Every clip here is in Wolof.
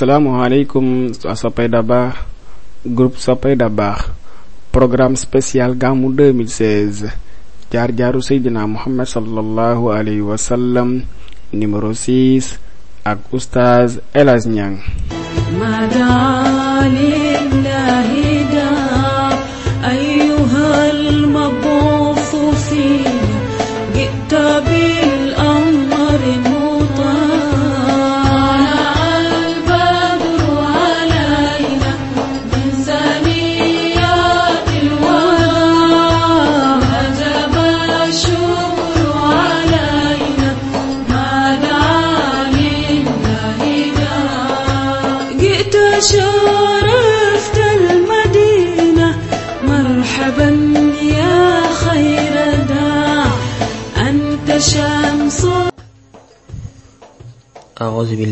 asalaamaaleykum soppay Dabakh groupe soppay Dabakh programme spécial gàmmu 2016 jaar jaaru seydina muhammad sallallahu alayhi wa sallam numéro 6 ak oustaz El Hadj Niang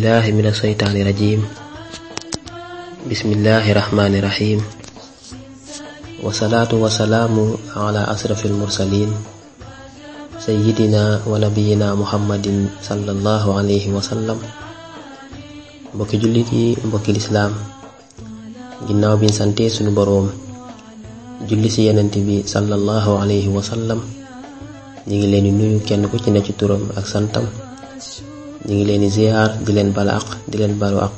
billahi min asaytaani rajim bismillahi rahmaani rahim wasalaatu wasalaamu ala asrafi almursalin sayidina wa nabiyina muhammadin sallallahu alayhi wa mbokki jullit yi mbokki lislaam ginnaaw biñ sante sunu boroom julli ci yenent bi sallallahu alayhi wa sallam ngi leen di nuyu kenn ku ci ne ci turam ak santam ñu ngi leen di ziyaar di leen bala aq di leen balu aq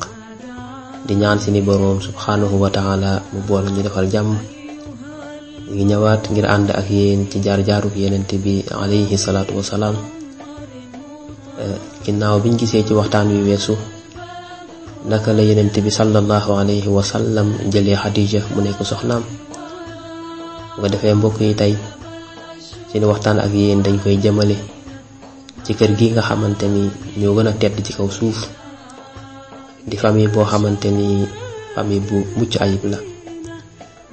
di ñaan seeni boroom subxanahu wa taala mu bool ñu defal jàmm ñu ngi ñëwaat ngir ànd ak yéen ci jaar jaarub yenent bi alayhi salaatu wasalaam ginnaaw biñ gisee ci waxtaan wi weesu naka la yenent bi sallallahu alayhi wa sallam jëlee xadija mu nekk soxnaam bu ko defee mbokk yi tey seen waxtaan ak yéen dañ koy jëmale ci kër gi nga xamante ni ñoo gën a tedd ci kaw suuf di famille boo xamante ni famille bu mucc ayib la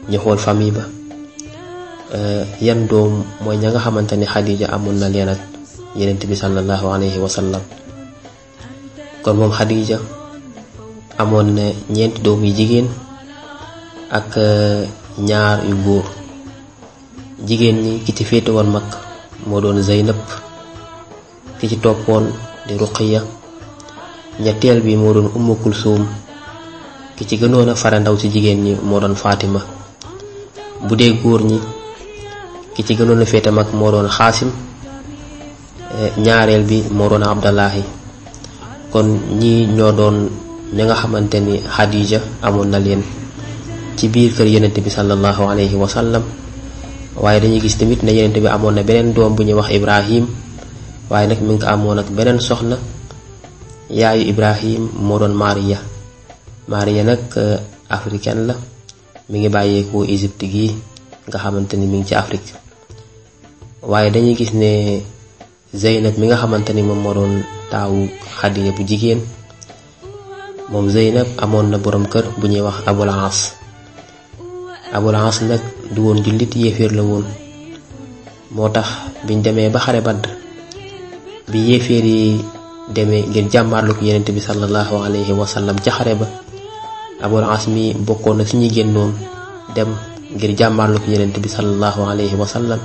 ñu xool famille ba eh, yan doom mooy ña nga xamante ni Xadija amoon na leen ak Yonent bi sallallahu alayhi wa kon moom Xadija amoon na ñeent doom yu jigéen ak eh, ñaar yu góor jigéen ñi ki ci féete woon mag moo doon Zeynab ki ci toppoon di ruqiya ñetteel bi moo doon ummu kulsuum ki ci gënoon a fare ndaw ci jigéen ñi moo doon faatima bu dee góor ñi ki ci gënoon a féete moo doon xaasim eh, ñaareel bi moo doon abdallahi kon ñii ñoo doon ñi nga xamante ni xadija amoon na leen ci biir kër yenent bi sallallahu alayhi wa waaye dañuy gis tamit ne yenent bi amoon na beneen doom bu ñuy wax ibrahim waaye nag mi ngi ko amoon ak beneen soxna yaayu Ibrahim moo doon Maria Maria nag euh, africaine la mi ngi bàyyeekoo Égypte gi nga xamante ni mi ngi ci Afrique waaye dañuy gis ne Zeynab mi nga xamante ni moom moo doon taawu Xadiija bu jigéen moom Zeynab amoon na borom kër bu ñuy wax Abul As nag du woon jullit yéeféer la woon moo tax biñ demee ba xare Badr bi yéeféer yi demee ngir jàmmaarlu ko yenent bi sallallahu alayhi wa sallam ca xare ba abul as mi bokkoon na suñuy génnoon dem ngir jàmmaarlu ko yenent bi sallallahu alayhi wa sallam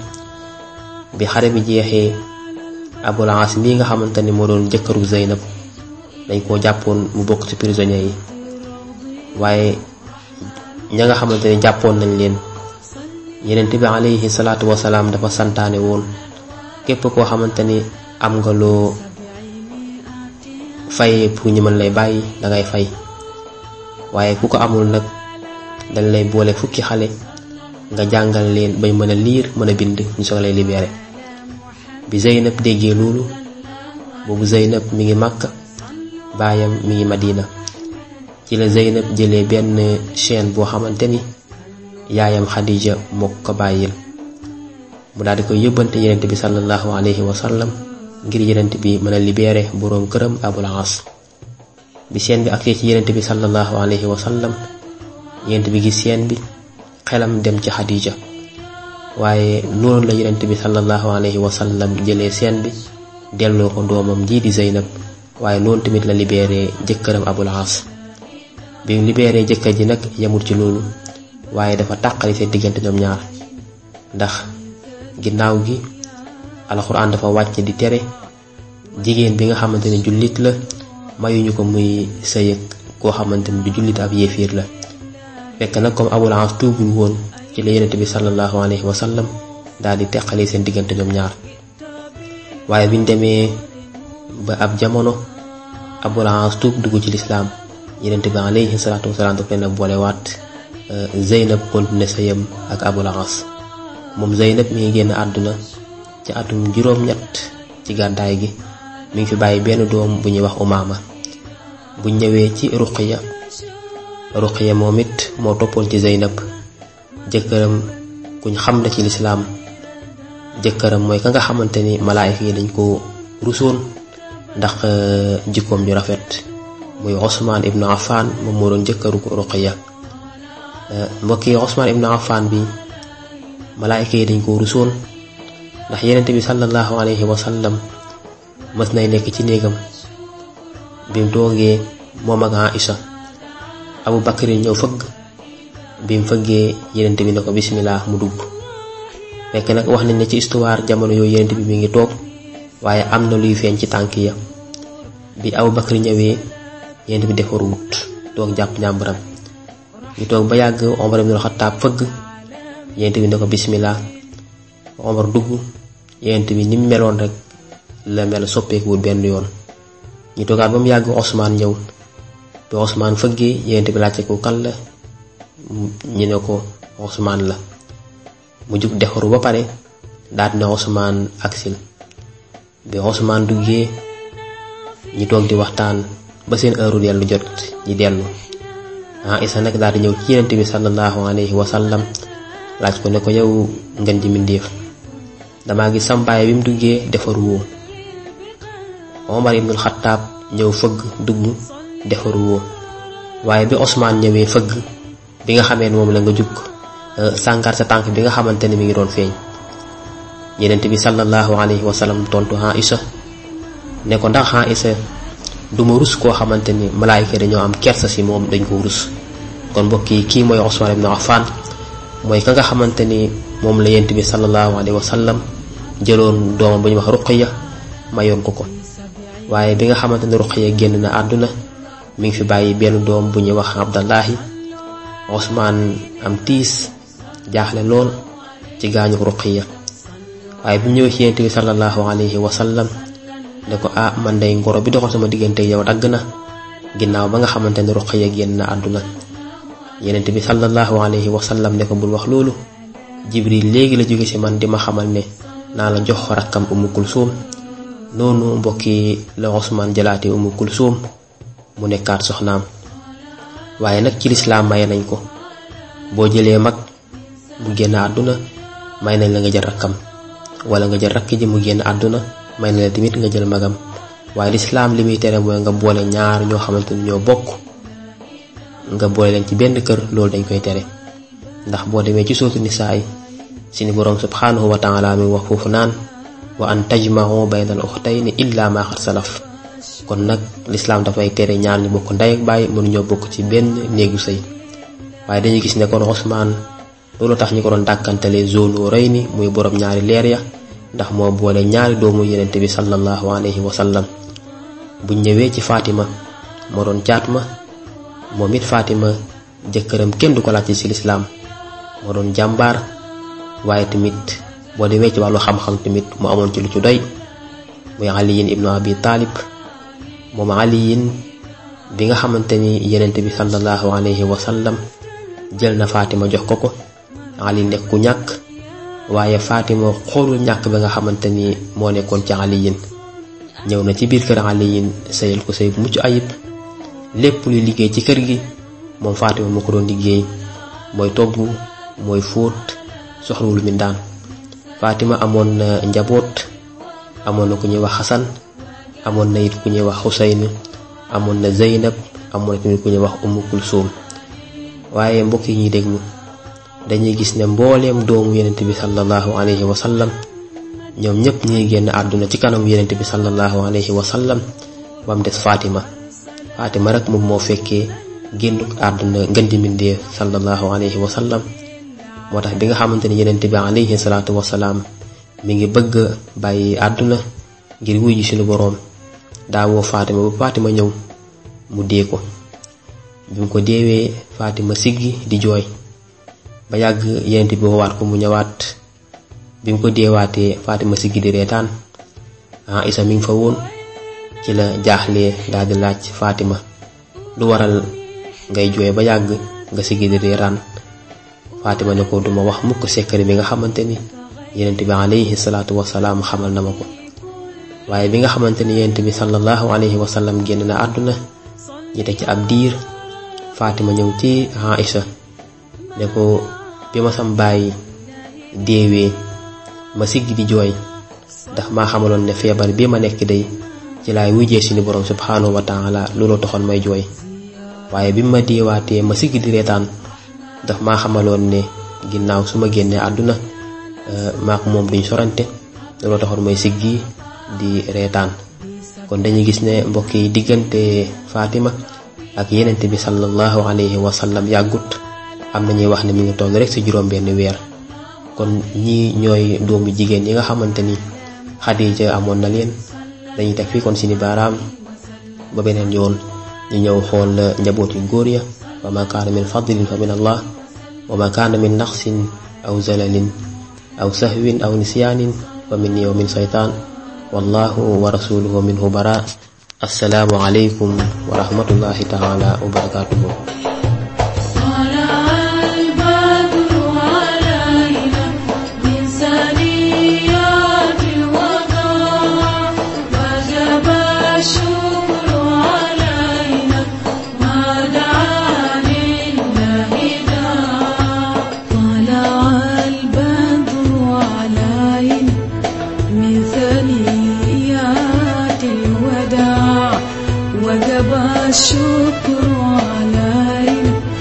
bi xare bi jeexee abul as mi nga xamante ni moo doon jëkkëru Zeynab dañ koo jàppoon mu bokk ci prisonniers yi waaye ña nga xamante ni jàppoon nañ leen yenent bi alayhi salaatu wasalaam dafa santaane woon képp koo xamante am nga loo fayee pour ñu mën lay bàyyi dangay fay waaye ku ko amul nag dañ lay boole fukki xale nga jàngal leen bay mën a liir mën a bind ñu soog lay libéré bi Zeynab déggee loolu boobu Zeynab mi ngi Makka baayam mi ngi Madina ci la Zeynab jëlee benn chaîne boo xamante ni yaayam Xadija moo ko bàyyil mu daal di koy yóbbante yenente bi sallallahu alayhi wa sallam ngir yenent bi mën a libéré boroom këram abul as bi seen bi ak agsee ci yenent bi sallallahu alayhi wa sallam yenent bi gis seen bi xelam dem ci xadija waaye noonu la yenent bi sallallahu alayhi wa sallam jëlee seen bi delloo ko doomam jii di zeynab waaye loolu tamit la libéré jëkkëram abul as bi libéré jëkkër ji nag yemul ci loolu waaye dafa taqali seen diggante ñoom ñaar ndax ginnaaw gi alxuraan dafa wàcc di tere jigéen bi nga xamante ne jullit la mayuñu ko muy sëy koo xamante ne du jullit ab yéefiir la fekk nag comme Abul As tuubul woon ci la yonent bi sallallahu alayhi wa sallam daal di teqalee seen diggante ñoom ñaar waaye biñ demee ba ab jamono Abul As dugg ci lislaam yonent bi alayhi salaatu wasalaam daf leen a boolewaat euh, Zeynab continué sëyam ak Abul As moom Zeynab mi ngi génn àdduna ci atum juróom-ñett ci gàddaay gi mu ngi fi bàyyi benn doom bu ñuy wax umaama bu ñëwee ci ruqiya ruqiya moom it moo toppoon ci zeynab jëkkëram kuñ xam la ci lislaam jëkkëram mooy ka nga xamante ni malaayika yi dañ ko rusoon ndax euh, jikkoom yu rafet muy Ousmane ibnu Affan moom moo doon jëkkëru ruqiya euh, mbokki Ousmane ibnu Affan bi malaayika yi dañ ko rusoon ndax yenent bi sallallahu alayhi wa sallam mës nay nekk ci néegam bi mu toogee moom ak Aïcha Abu Bakr ñëw fëgg bi mu fëggee yenent bi ne ko bismillah mu dugg fekk nag wax nañ ne ci histoire jamono yooyu yenent bi mu ngi toog waaye am na luy feeñ ci tànk ya bi Abu Bakr ñëwee yenent bi defaru wut toog jàpp njàmburam ñu toog ba yàgg Omar ibn Khattab fëgg yenent bi ne ko bismillah Omar dugg yonent bi ni meloon rek la mel soppeekuwul benn yoon ñu toogaat ba mu yàgg Osmaan ñëw bi Osmaan fëggee yonent bi laajte ko kan la ñu ne ko Osmaan la mu jug defaru ba pare daal ne Osmaan aksil bi Osmaan duggee ñu toog di waxtaan ba seen heure dellu jot ñi dellu ah isa nag daal di ñëw ci yonent bi sallallahu alayhi wa sallam laaj ko ne ko yow ngeen ji mbindéef damaa gis sam baay bi mu duggee defaru woo Omar ibnul Xattaab ñëw fëgg dugg defaru woo waaye bi Ousmane ñëwee fëgg bi nga xamee moom la nga jukk euh, sàngar sa tànk bi nga xamante ne mi ngi doon feeñ yenent bi sallallahu alayhi wa sallam tontu Aïcha ne ko ndax Aïcha du ma rus koo xamante ni malaayika dañoo am kersa si moom dañ ko rus kon mbokk yi kii mooy Ousmane ibnu Affan mooy ka nga xamante moom la yent bi sallallahu alayhi wa sallam jëloon doomam bu ñuy wax ya mayoon ko ko waaye bi nga xamante ne ruqiya génn na àdduna mu ngi fi bàyyi benn doom bu ñuy wax abdallahi osmaan am tiis jaaxle lool ci gaañu ruqiya waaye bu ñëwee ci yent bi sallallahu alayhi wa sallam ne ko ah man day ngoro bi doxal sama diggante yow dagg na ginnaaw ba nga xamante ne ruqiya génn na àdduna yenent bi sallallahu alayhi wa sallam ne ko bul wax loolu jibril léegi la jóge ci man di ma xamal ne naa la jox rakkam umu kulsuum noonu mbokki la Usmaan jëlaate umu kulsuum mu nekkaat soxnaam waaye nag ci lislaam maye nañ ko boo jëlee mag mu génn àdduna may nañ la nga jël rakkam wala nga jël rakk ji mu génn àdduna may na la tamit nga jël magam waaye lislaam li muy tere mooy nga boole ñaar ñoo xamante ni ñoo bokk nga boole leen ci benn kër loolu dañ koy tere ndax boo demee ci sootu nisaa yi suñu boroom subhaanahu wa taala mi wax foofu naan wa an tajmau baynal uxtayni illa ma xat salaf kon nag lislaam dafay tere ñaar ñu bokk ndey ak baay mënuñoo bokk ci benn néegu sëy waaye dañuy gis ne kon Ousmane loolu tax ñu ko doon dàkkantale zone rëy ni muy borom ñaari leer ya ndax moo boole ñaari doomu yenente bi sallallahu alayhi wa sallam buñ ñëwee ci Fatima moo doon caat ma moom it Fatima jëkkëram kenn du ko laaj ci lislaam moo doon jàmbaar waaye tamit boo demee ci wàllu xam-xam tamit mu amoon ci lu ci doy muy aliyin ibnu abi taalib moom aliyin bi nga xamante ni yenent bi sallallahu alayhi wa sallam jël na Fatima jox ko ko ali nekk ku ñàkk waaye Fatima xoolul ñàkk bi nga xamante ni moo nekkoon ci aliyin ñëw na ci biir kër aliyin sëyal ko sëy mucc ayib lépp luy liggéey ci kër gi moom Fatima mu ko doon liggéey mooy togg mooy fóot soxruwul mbindaan Fatima amoon na njaboot amoon na ku ñuy wax Xasan amoon na it ku ñuy wax Xuseyn amoon na Zeynab amoon na tamit ku ñuy wax Umm Kulsum waaye mbokk yi ñuy déglu dañuy gis ne mbooleem doomu yonent bi sallallahu alayhi wa sallam ñoom ñëpp ñuy génn àdduna ci kanam yonent bi sallallahu alayhi wa sallam ba mu des Fatima Fatima rek moom moo fekkee génn àdduna ngëndi mbindee sallallahu alayhi wa sallam moo tax bi nga xamante ni yenent bi alayhi salaatu wasalaam mi ngi bëgg bàyyi àdduna ngir wuy ji suñu boroom daawoo Fatima ba Fatima ñëw mu dee ko bi mu ko deewee Fatima siggi di jooy ba yàgg yenent ko mu ñëwaat bi ko deewaatee Fatima siggi di reetaan ah isa mi ngi fa woon ci la jaaxlee daal di laaj faatima lu waral ngay jooy ba yàgg nga siggi di reetaan Fatima ne ko duma wax mukk secret bi nga xamante ni yonent bi alayhi salaatu wasalaam xamal na ma ko waaye bi nga xamante ni yonent bi sallallahu alayhi wa sallam génn na àdduna ñi ci ab diir Fatima ñëw ci Aïcha ne ko bi ma sam bàyyi deewee ma sigg di jooy ndax maa xamaloon ne feebar bi ma nekk day ci laay wujjee suñu borom subhanahu wa taala looloo taxoon may jooy waaye bi ma deewaatee ma sigg di reetaan daf ma xamaloon ne ginnaaw su ma génnee àdduna euh, maak moom duñ sorante looloo taxoon mooy siggi di reetaan kon dañuy gis ne mbokk yi diggante Fatima ak yenent bi sallallahu alayhi wa sallam yàggut am na ñuy wax ne mi ngi toll rek si juróom-benn weer kon ñii ñooy doomu jigéen yi nga xamante ni Xadija amoon na leen dañuy teg fii kon seeni baaraam ba beneen yoon ñu ñëw xool njaboot yu góor ya wa ma kaana min fadlin fa min allah wa ma kaana min naqsin aw zalalin aw sahwin aw nisyaanin fa min yawmin saytaan wallahu wa rasuluhu minhu bara assalaamu aleykum wa rahmatullahi taala wa barakatuhu